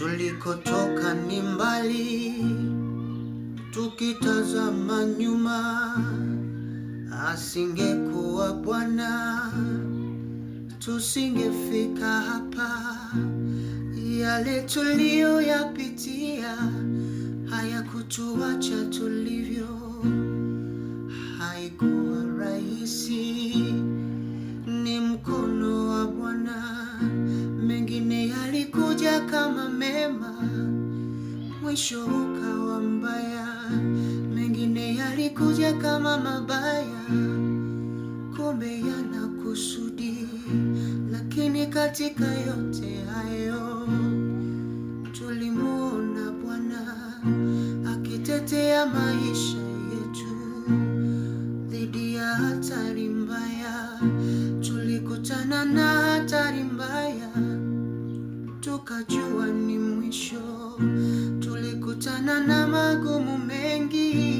Tulikotoka ni mbali, tukitazama nyuma, asingekuwa Bwana tusingefika hapa. Yale tuliyoyapitia hayakutuacha tulivyo, haikuwa rahisi kuja kama mema, mwisho ukawa mbaya. Mengine yalikuja kama mabaya, kumbe yana kusudi. Lakini katika yote hayo tulimuona Bwana akitetea maisha yetu dhidi ya hatari mbaya. Tulikutana na hatari mbaya sana na magumu mengi